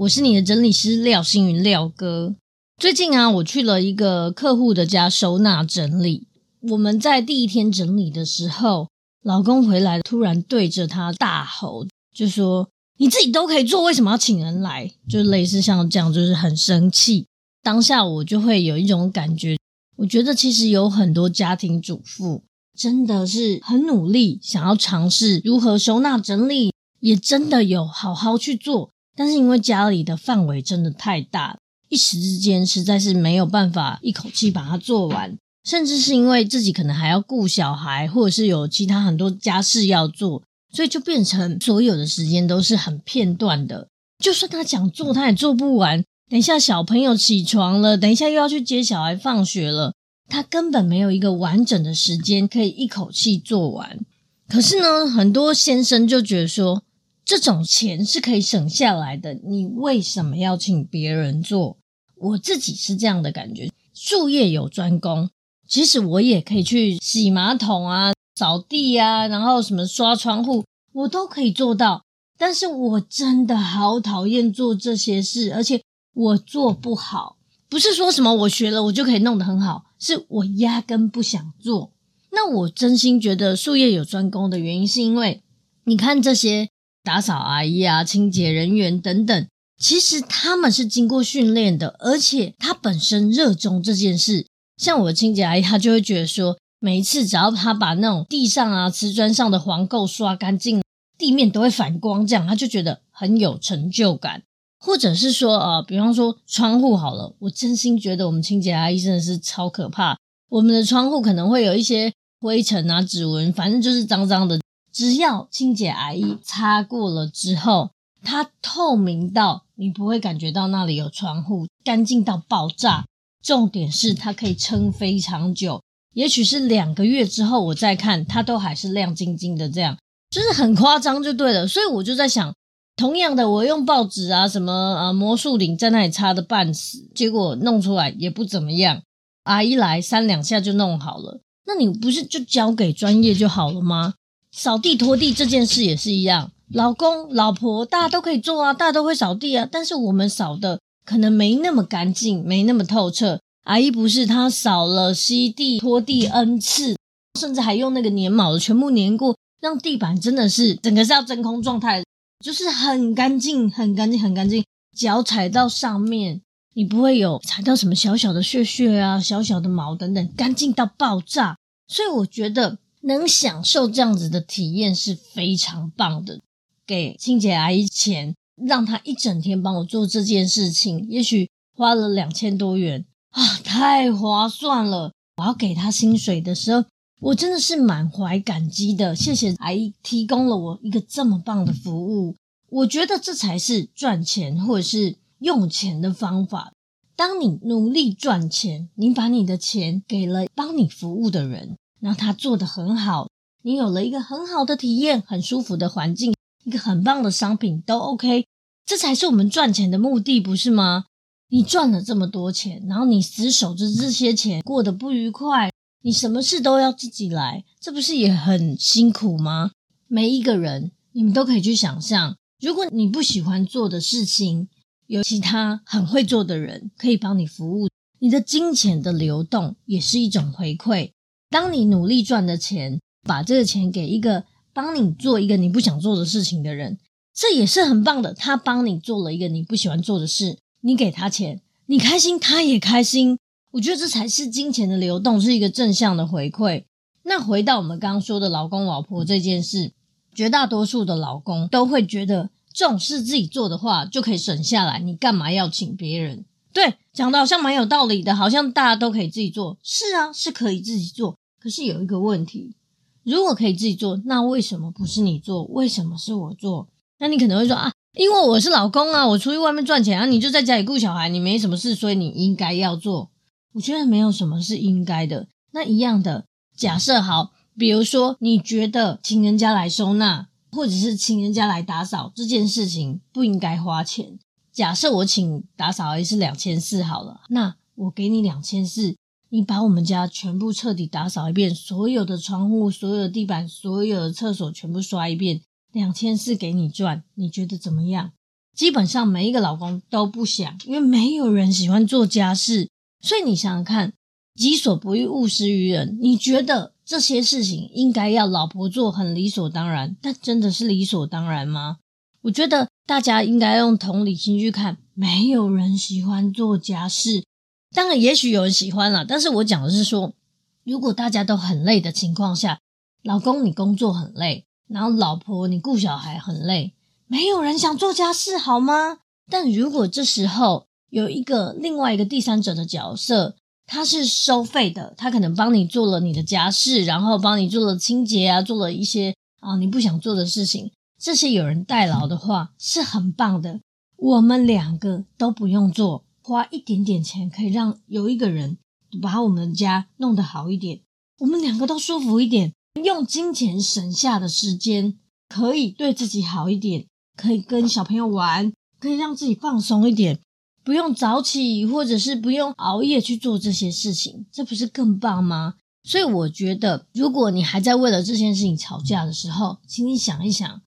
我是你的整理師廖星云廖哥。最近啊，我去了一個客戶的家收納整理。我們在第一天整理的時候，老公回來突然對着他大吼，就說：“你自己都可以做，為什麼要請人來？”就類似像這樣，就是很生氣。當下我就會有一種感覺，我覺得其實有很多家庭主婦真的是很努力，想要嘗試如何收納整理，也真的有好好去做。但是因為家裡的範圍真的太大，一時之間實在是沒有辦法一口氣把它做完，甚至是因為自己可能還要顧小孩，或者是有其他很多家事要做，所以就變成所有的時間都是很片段的。就算他想做，他也做不完。等一下小朋友起床了，等一下又要去接小孩放學了，他根本沒有一個完整的時間可以一口氣做完。可是呢，很多先生就覺得說。這種錢是可以省下來的，你為什麼要請別人做？我自己是這樣的感覺，術業有專攻，即使我也可以去洗馬桶啊、掃地啊，然後什麼刷窗戶，我都可以做到。但是我真的好討厭做這些事，而且我做不好，不是說什麼我學了我就可以弄得很好，是我壓根不想做。那我真心覺得術業有專攻的原因，是因為你看這些。打掃阿姨啊，清潔人員等等，其實他們是經過訓練的，而且他本身熱衷這件事。像我的清潔阿姨，她就會覺得說，每一次只要她把那種地上啊、瓷磚上的黃垢刷乾淨，地面都會反光，這樣她就覺得很有成就感。或者是說啊、呃，比方說窗戶好了，我真心覺得我們清潔阿姨真的是超可怕。我們的窗戶可能會有一些灰塵啊、指紋，反正就是髒髒的。只要清潔阿姨擦過了之後，它透明到你不會感覺到那裡有窗戶，乾淨到爆炸。重點是它可以撐非常久，也許是兩個月之後我再看它都還是亮晶晶的，這樣就是很誇張就對了。所以我就在想，同樣的我用報紙啊什麼啊、呃、魔術靈在那裡擦的半死，結果弄出來也不怎麼樣。阿姨來三兩下就弄好了，那你不是就交給專業就好了嗎？掃地拖地這件事也是一樣，老公老婆大家都可以做啊，大家都會掃地啊，但是我們掃的可能沒那麼乾淨，沒那麼透徹。阿姨不是她掃了吸地拖地 N 次，甚至還用那個粘毛的全部粘過，讓地板真的是整個是要真空狀態，就是很乾淨，很乾淨，很乾淨。腳踩到上面，你不會有踩到什麼小小的屑屑啊、小小的毛等等，乾淨到爆炸。所以我覺得，能享受這樣子的體驗是非常棒的。給清潔阿姨錢，讓她一整天幫我做這件事情，也許花了兩千多元啊，太划算了！我要給她薪水的時候，我真的是滿懷感激的，謝謝阿姨提供了我一個這麼棒的服務。我覺得這才是賺錢或者是用錢的方法。當你努力賺錢，你把你的錢給了幫你服務的人。那他做的很好，你有了一個很好的體驗，很舒服的環境，一個很棒的商品都 OK，這才是我們賺錢的目的，不是嗎？你賺了這麼多錢，然後你只守着這些錢，過得不愉快，你什麼事都要自己來，這不是也很辛苦嗎？每一個人，你們都可以去想象，如果你不喜歡做的事情，有其他很會做的人可以幫你服務，你的金錢的流動也是一種回饋。當你努力賺的錢，把這個錢給一個幫你做一個你不想做的事情的人，這也是很棒的。他幫你做了一個你不喜歡做的事，你給他錢，你開心，他也開心。我覺得這才是金錢的流動，是一個正向的回饋。那回到我們剛剛說的老公老婆這件事，絕大多數的老公都會覺得，這種事自己做的話就可以省下來，你幹嘛要請別人？對，講的好像蠻有道理的，好像大家都可以自己做。是啊，是可以自己做。可是有一個問題，如果可以自己做，那為什麼不是你做？為什麼是我做？那你可能會說啊，因為我是老公啊，我出去外面賺錢啊，你就在家裡顧小孩，你沒什麼事，所以你應該要做。我覺得沒有什麼是應該的。那一樣的假設好，比如說你覺得請人家來收納，或者是請人家來打掃這件事情不應該花錢。假設我請打掃阿姨是兩千四好了，那我給你兩千四。你把我們家全部徹底打掃一遍，所有的窗戶、所有的地板、所有的廁所全部刷一遍，兩千四給你賺，你覺得怎麼樣？基本上每一個老公都不想，因為沒有人喜歡做家事，所以你想想看，己所不欲，勿施於人。你覺得這些事情應該要老婆做，很理所當然，但真的是理所當然嗎？我覺得大家應該用同理心去看，沒有人喜歡做家事。當然，也許有人喜歡啦，但是我講的是說，如果大家都很累的情況下，老公你工作很累，然後老婆你顧小孩很累，沒有人想做家事，好嗎？但如果這時候有一個另外一個第三者的角色，他是收費的，他可能幫你做了你的家事，然後幫你做了清潔啊，做了一些啊你不想做的事情，這些有人代勞的話是很棒的，我們兩個都不用做。花一點點錢，可以讓有一個人把我們家弄得好一點，我們兩個都舒服一點。用金錢省下的時間，可以對自己好一點，可以跟小朋友玩，可以讓自己放鬆一點，不用早起，或者是不用熬夜去做這些事情，這不是更棒嗎？所以我覺得，如果你還在為了這件事情吵架的時候，請你想一想，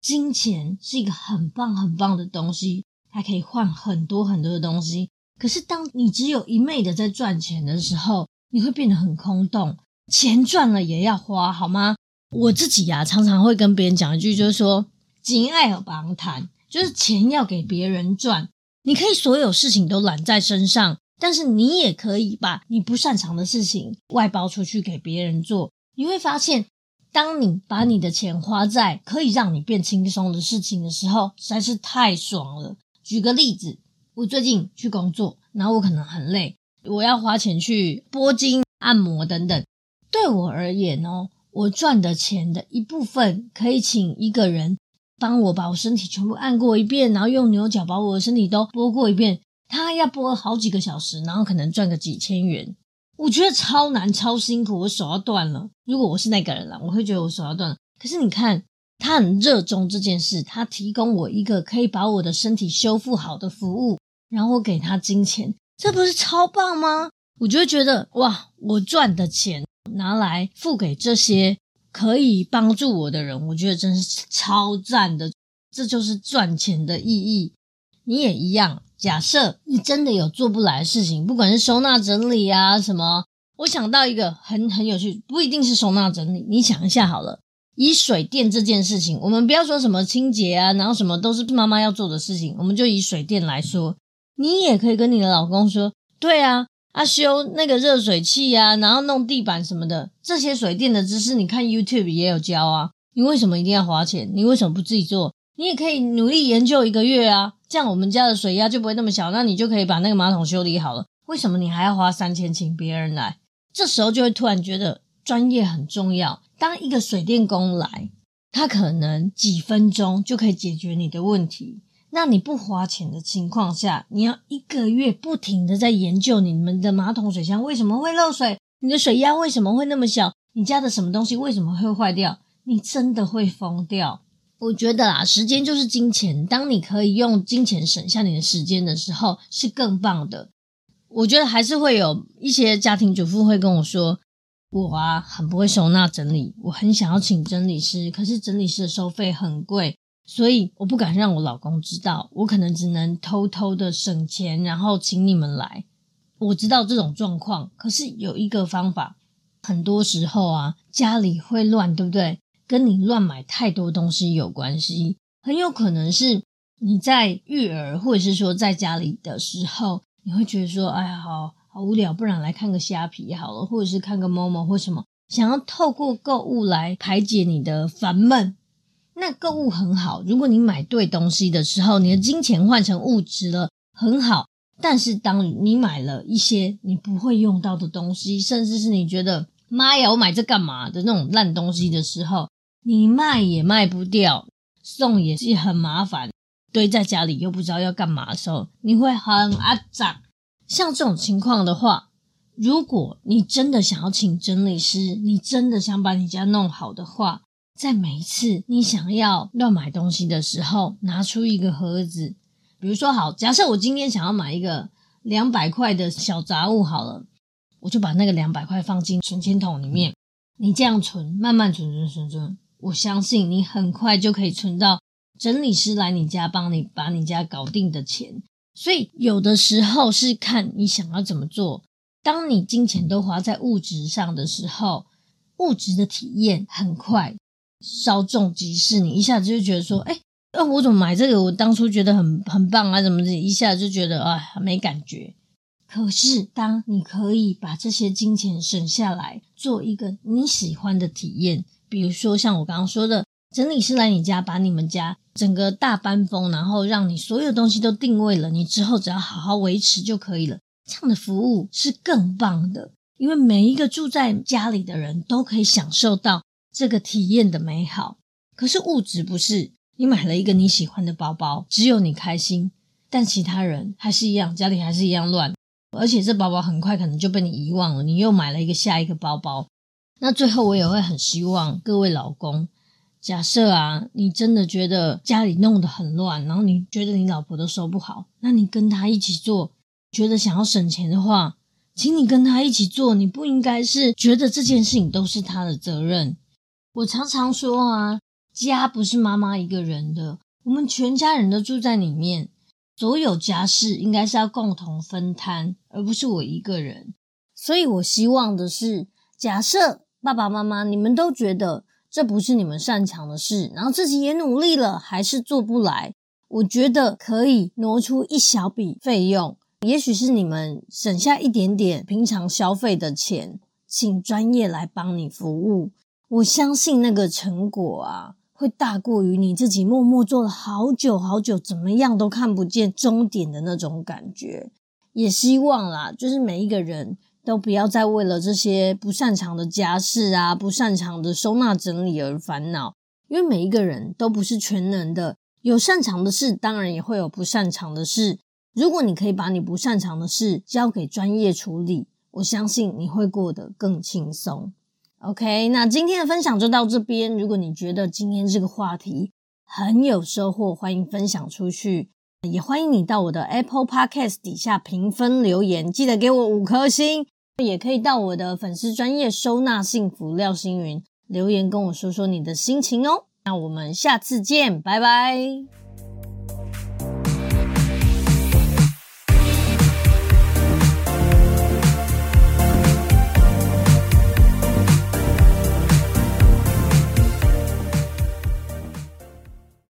金錢是一個很棒很棒的東西。它可以換很多很多的東西，可是當你只有一昧的在賺錢的時候，你會變得很空洞。錢賺了也要花，好嗎？我自己呀、啊，常常會跟別人講一句，就是說“錢愛予人趁”，就是錢要給別人賺。你可以所有事情都攬在身上，但是你也可以把你不擅長的事情外包出去給別人做。你會發現，當你把你的錢花在可以讓你變輕鬆的事情的時候，實在是太爽了。舉個例子，我最近去工作，然後我可能很累，我要花錢去撥筋、按摩等等。對我而言哦，我賺的錢的一部分可以請一個人幫我把我身體全部按過一遍，然後用牛角把我的身體都撥過一遍。他要撥好幾個小時，然後可能賺個幾千元。我覺得超難、超辛苦，我手要斷了。如果我是那個人啦，我會覺得我手要斷了。可是你看。他很熱衷這件事，他提供我一個可以把我的身體修復好的服務，然後給他金錢，這不是超棒嗎？我就會覺得哇，我賺的錢拿來付給這些可以幫助我的人，我覺得真是超讚的。這就是賺錢的意義。你也一樣，假設你真的有做不來的事情，不管是收納整理啊什麼，我想到一個很很有趣，不一定是收納整理，你想一下好了。以水電這件事情，我們不要說什麼清潔啊，然後什麼都是媽媽要做的事情。我們就以水電來說，你也可以跟你的老公說：“對啊，啊，修那個熱水器啊，然後弄地板什麼的，這些水電的知識，你看 YouTube 也有教啊。你為什麼一定要花錢？你為什麼不自己做？你也可以努力研究一個月啊，這樣我們家的水壓就不會那麼小，那你就可以把那個馬桶修理好了。為什麼你還要花三千請別人來？這時候就會突然覺得專業很重要。”當一個水電工來，他可能幾分鐘就可以解決你的問題。那你不花錢的情況下，你要一個月不停的在研究你們的馬桶水箱為什麼會漏水，你的水壓為什麼會那麼小，你家的什麼東西為什麼會壞掉，你真的會瘋掉。我覺得啊，時間就是金錢。當你可以用金錢省下你的時間的時候，是更棒的。我覺得還是會有一些家庭主婦會跟我說。我啊，很不會收納整理，我很想要請整理師，可是整理師的收費很貴，所以我不敢讓我老公知道，我可能只能偷偷的省錢，然後請你們來。我知道這種狀況，可是有一個方法，很多時候啊，家裡會亂，對不對？跟你亂買太多東西有關係，很有可能是你在育兒，或者是說在家裡的時候，你會覺得說，哎呀，好。好無聊，不然來看個蝦皮好了，或者是看個 momo 或什麼。想要透過購物來排解你的煩悶，那購物很好。如果你買對東西的時候，你的金錢換成物質了，很好。但是當你買了一些你不會用到的東西，甚至是你覺得“媽呀，我買這幹嘛”的那種爛東西的時候，你賣也賣不掉，送也是很麻煩，堆在家裡又不知道要幹嘛的時候，你會很阿雜。像這種情況的話，如果你真的想要請整理師，你真的想把你家弄好的話，在每一次你想要亂買東西的時候，拿出一個盒子，比如說好，假設我今天想要買一個兩百塊的小雜物，好了，我就把那個兩百塊放進存錢筒裡面。你這樣存，慢慢存，存，存，存，我相信你很快就可以存到整理師來你家幫你把你家搞定的錢。所以，有的時候是看你想要怎麼做。當你金錢都花在物質上的時候，物質的體驗很快稍縱即逝，你一下子就覺得說：“哎，那、啊、我怎麼買這個？我當初覺得很很棒啊，怎麼的？一下子就覺得啊沒感覺。”可是，當你可以把這些金錢省下來，做一個你喜歡的體驗，比如說像我剛剛說的。整理師來你家，把你們家整個大搬風，然後讓你所有東西都定位了。你之後只要好好維持就可以了。這樣的服務是更棒的，因為每一個住在家裡的人都可以享受到這個體驗的美好。可是物質不是，你買了一個你喜歡的包包，只有你開心，但其他人還是一樣，家裡還是一樣亂。而且這包包很快可能就被你遺忘了，你又買了一個下一個包包。那最後我也會很希望各位老公。假設啊，你真的覺得家裡弄得很亂，然後你覺得你老婆都收不好，那你跟他一起做，覺得想要省錢的話，請你跟他一起做。你不應該是覺得這件事情都是他的責任。我常常說啊，家不是媽媽一個人的，我們全家人都住在裡面，所有家事應該是要共同分攤，而不是我一個人。所以我希望的是，假設爸爸媽媽你們都覺得。這不是你們擅長的事，然後自己也努力了，還是做不來。我覺得可以挪出一小筆費用，也許是你們省下一點點平常消費的錢，請專業來幫你服務。我相信那個成果啊，會大過於你自己默默做了好久好久，怎麼樣都看不見終點的那種感覺。也希望啦，就是每一個人。都不要再為了這些不擅長的家事啊、不擅長的收納整理而煩惱，因為每一個人都不是全能的，有擅長的事，當然也會有不擅長的事。如果你可以把你不擅長的事交給專業處理，我相信你會過得更輕鬆。OK，那今天的分享就到這邊。如果你覺得今天這個話題很有收穫，歡迎分享出去，也歡迎你到我的 Apple Podcast 底下評分留言，記得給我五顆星。也可以到我的粉絲專頁，收納幸福廖心筠，留言跟我說說你的心情哦、喔。那我們下次見，拜拜。